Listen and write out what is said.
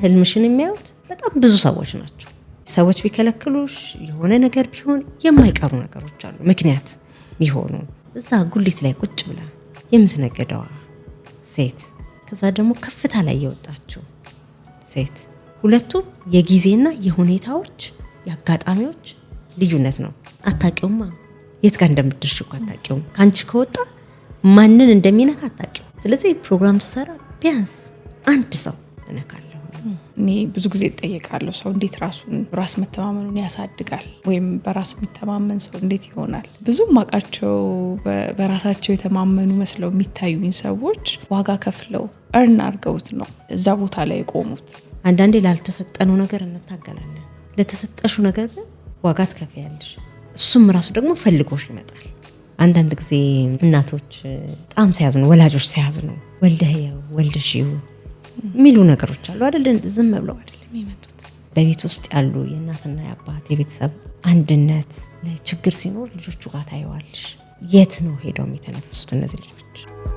ህልምሽን የሚያዩት በጣም ብዙ ሰዎች ናቸው። ሰዎች ቢከለክሉሽ የሆነ ነገር ቢሆን የማይቀሩ ነገሮች አሉ፣ ምክንያት ቢሆኑ እዛ ጉሊት ላይ ቁጭ ብላ የምትነግደዋ ሴት ከዛ ደግሞ ከፍታ ላይ የወጣችው ሴት ሁለቱም የጊዜና የሁኔታዎች የአጋጣሚዎች ልዩነት ነው። አታቂውማ የት ጋር እንደምትደርሽ እኮ ከአንቺ ከወጣ ማንን እንደሚነካ አታቂው። ስለዚህ ፕሮግራም ስሰራ ቢያንስ አንድ ሰው እነካለሁ። እኔ ብዙ ጊዜ ጠየቃለሁ፣ ሰው እንዴት ራሱን ራስ መተማመኑን ያሳድጋል ወይም በራስ የሚተማመን ሰው እንዴት ይሆናል? ብዙ ማውቃቸው በራሳቸው የተማመኑ መስለው የሚታዩኝ ሰዎች ዋጋ ከፍለው እርን አድርገውት ነው እዛ ቦታ ላይ የቆሙት። አንዳንዴ ላልተሰጠነው ነገር እንታገላለን፣ ለተሰጠሹ ነገር ግን ዋጋ ትከፍያለሽ። እሱም ራሱ ደግሞ ፈልጎሽ ይመጣል። አንዳንድ ጊዜ እናቶች በጣም ሲያዝ ነው፣ ወላጆች ሲያዝ ነው ወልደህ ወልደሽ የሚሉ ነገሮች አሉ አይደል? ዝም ብለው አይደለም የመጡት። በቤት ውስጥ ያሉ የእናትና የአባት የቤተሰብ አንድነት ችግር ሲኖር ልጆቹ ጋር ታየዋለሽ። የት ነው ሄደው የተነፍሱት እነዚህ ልጆች?